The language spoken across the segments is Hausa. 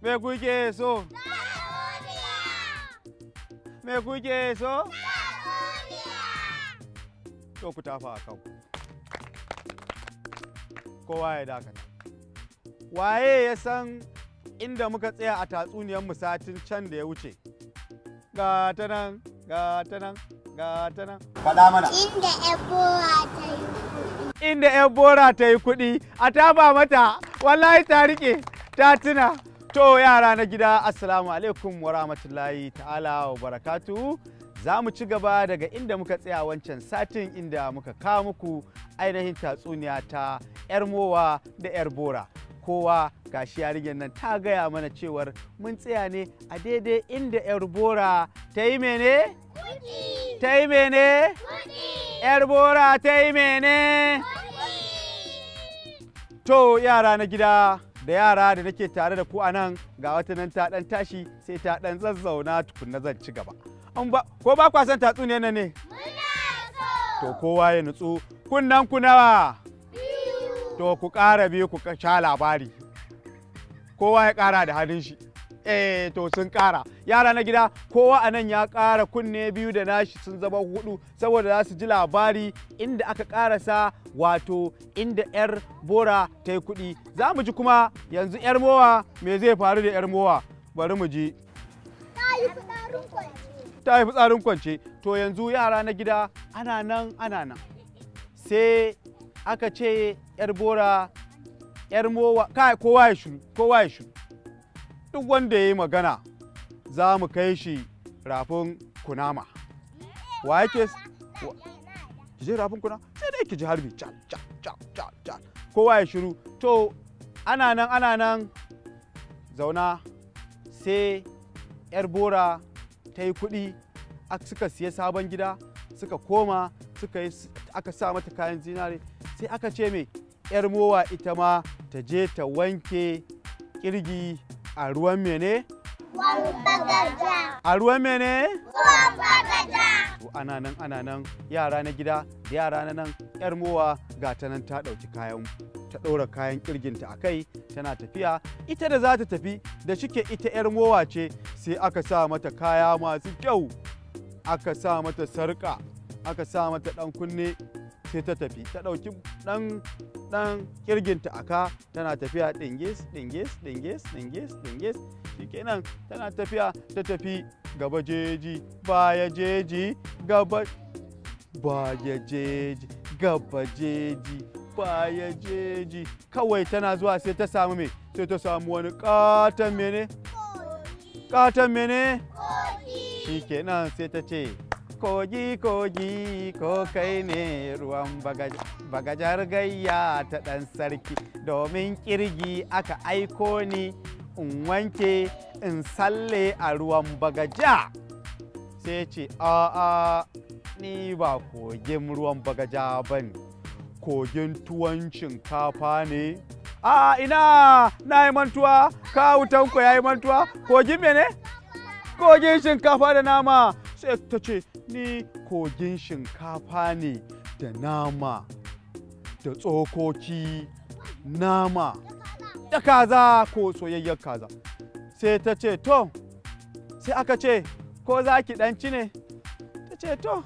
Me kuke so? Me kuke so? To ku tafa a kanku. Kowa ya dakata. Waye ya san inda muka tsaya a tatsuniyar satin can da ya wuce? Ga ta nan, ga ta nan, ga ta nan. Faɗa mana. Inda Ebola ta yi kuɗi. Inda Ebola ta yi kuɗi, a taba mata, wallahi ta riƙe, ta tuna. To yara na gida Assalamu alaikum wa rahmatullahi ta'ala wa barakatu. Za mu ci gaba daga inda muka tsaya wancan satin inda muka kawo muku ainihin tatsuniya ta 'yar mowa da 'yar bora. Kowa gashi yarigen nan ta gaya mana cewar mun tsaya ne a daidai inda 'yar bora ta yi mene? Ta yi mene? 'Yar bora ta yi mene? To yara na gida. da yara da nake tare da ku a nan ga wata nan ta dan tashi sai ta dan zazzauna tukunna zan ci gaba. An ba ko ba kwa son tatsuniyar nan ne? To kowa ya nutsu kunnan ku nawa? To ku ƙara biyu ku sha labari. Kowa ya ƙara da hannun shi. eh to sun ƙara yara na gida kowa a nan ya ƙara kunne biyu da nashi sun zama hudu saboda za su ji labari inda aka ƙarasa wato inda 'yar bora ta yi kuɗi za mu ji kuma yanzu 'yar mowa me zai faru da 'yar mowa bari mu ji ta yi fitsarin kwance to yanzu yara na gida ana nan ana nan sai aka ce 'yar bora 'yar mowa kowa ya shiru kowa ya shiru duk wanda ya yi magana za mu kai shi rafin kunama wa yake ki je rafin kunama sai dai ki ji harbi cha cha cha cha cha kowa ya shiru to ana nan ana nan zauna sai yar bora ta yi kuɗi suka siya sabon gida suka koma suka yi aka sa mata kayan zinare sai aka ce mai yar mowa ita ma ta je ta wanke kirgi A ruwan mene? A ruwan mene? ana ana nan yara na gida da yara na nan yar mowa ga ta nan ta ɗauki kayan ta ɗora kayan ƙirginta a kai tana tafiya ita da za ta tafi da shike ita yar ce sai aka sa mata kaya masu kyau aka sa mata sarƙa aka sa mata ɗan kunne sai ta tafi ta ɗauki ɗan dan kirginta aka tana tafiya dinges dinges dinges dinges dinges shikenan tana tafiya ta tafi gaba jeji baya jeji gaba baya jeji gaba jeji baya jeji kawai tana zuwa sai ta samu me sai ta samu wani katon mene katon mene shikenan sai ta ce koji koji ko kai ne ruwan bagajar gayya ta ɗan sarki domin kirgi aka aiko ni in wanke in salle a ruwan bagaja sai ce a'a ni ba kogin ruwan bagaja ba ne kogin tuwon shinkafa ne a ina na yi mantuwa kawutanku ya yi mantuwa kogin mene kogin shinkafa da nama sai ta ce ni kogin shinkafa ne da nama da tsokoki nama da kaza ko soyayyar kaza sai ta ce to sai aka ce ko za ki ɗanci ne ta ce to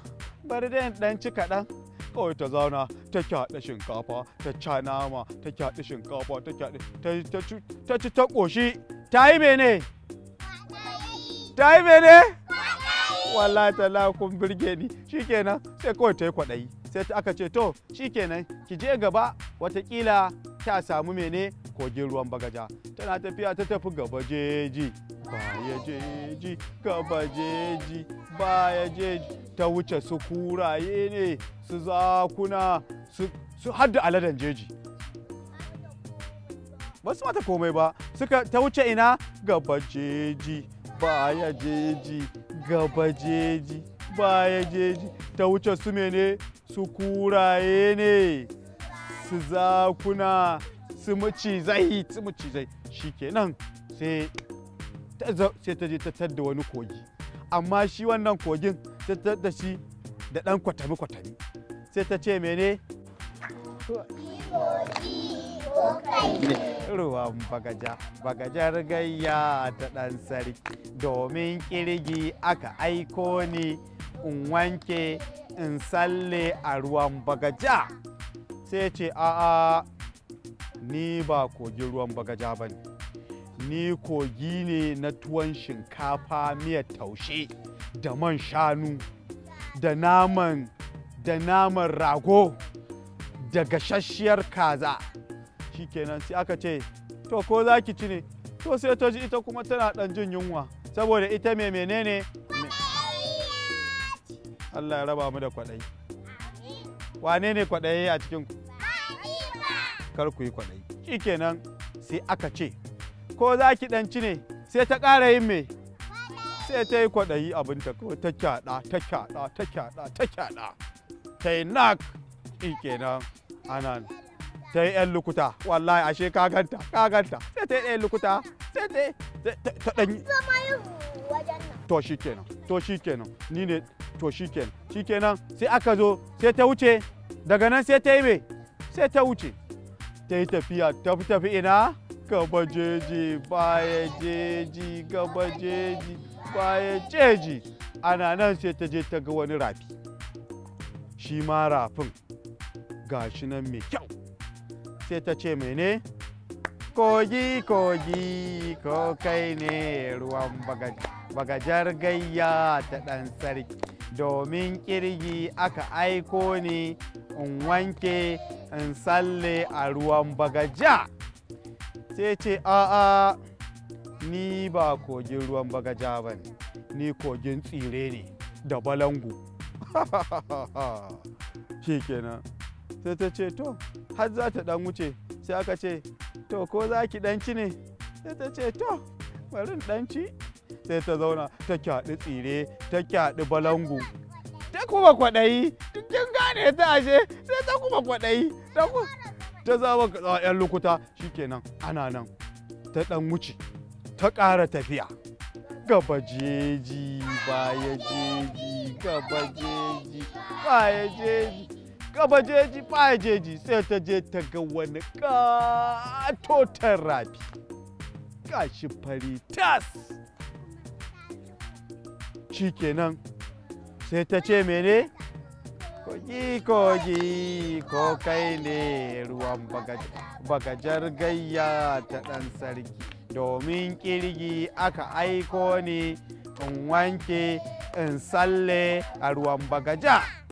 bari dai ɗanci kaɗan kawai ta zauna ta kyaɗa shinkafa ta ca nama ta kyaɗa shinkafa ta kyaɗa ta ci ta ƙoshi ta yi mene ta yi mene wallahi tala kun birge ni shikenan sai kawai ta yi kwaɗayi sai aka ce to shikenan ki je gaba watakila ta samu mene kogin ruwan bagaja tana tafiya ta tafi gaba jeji baya jeji gaba jeji baya jeji ta wuce su kuraye ne su zakuna su hadda aladan jeji ba su mata komai ba suka ta wuce ina gaba jeji baya jeji gaba jeji baya jeji ta wuce su mene su kuraye ne su zakuna su zai su shi shikenan sai sai ta je ta tadda wani kogi amma shi wannan kogin ta tadda shi da ɗan kwatami-kwatami sai ta ce mene ruwan bagaja bagajar gayya ta ɗan sarki domin kirgi aka aiko ni in wanke in salle a ruwan bagaja sai ce a'a ni ba kogin ruwan bagaja ba ne ni kogi ne na tuwon shinkafa miyar taushe da man shanu da naman da naman rago da gashashiyar kaza kenan sai aka ce to ko za ki ci ne to sai ta ji ita kuma tana dan jin yunwa saboda ita mai menene Allah ya raba mu da kwaɗayi wane ne kwaɗayi a cikin ku kar ku yi kwaɗayi kenan sai aka ce ko za ki dan ci ne sai ta ƙara yin me sai ta yi kwaɗayi abinta ko ta kyaɗa ta kyaɗa ta kyaɗa ta kyaɗa ta yi nak kenan anan ta yi 'yan lukuta wallahi ashe ka ganta ka ganta sai ta yi 'yan lukuta sai ta ta ɗanyi zama wajen nan to shi kenan to shi kenan ni ne to shi kenan shi kenan sai aka zo sai ta wuce daga nan sai ta yi me sai ta wuce ta yi tafiya ta tafi ina gaba jeji baya jeji gaba jeji baya jeji ana nan sai ta je ta ga wani rafi shi ma rafin gashi nan mai kyau sai ta ce mene kogi kogi ko kai ne ruwan bagajar gayya ta ɗan sarki domin kirgi aka aiko ne in wanke in salle a ruwan bagaja sai ce a'a ni ba kogin ruwan bagaja ba ne ni kogin tsire ne da balangu shi kenan sai ta ce to har za ta dan wuce sai aka ce to ko za ki dan ci ne sai ta ce to bari dan ci sai ta zauna ta kyaɗi tsire ta kyaɗi balangu ta kuma kwaɗayi kin gane ta ashe sai ta kuma kwaɗayi ta zama yan lokuta shikenan ana nan ta dan wuce ta ƙara tafiya gaba jeji baya jeji gaba jeji baya jeji kaba jeji ba jeji sai ta je ta ga wani katotar rafi gashi fari tas shikenan sai ta ce mene kogi kogi ko kai ne ruwan bagajar gayya ta ɗan sarki domin kirgi aka aiko ne in wanke in salle a ruwan bagaja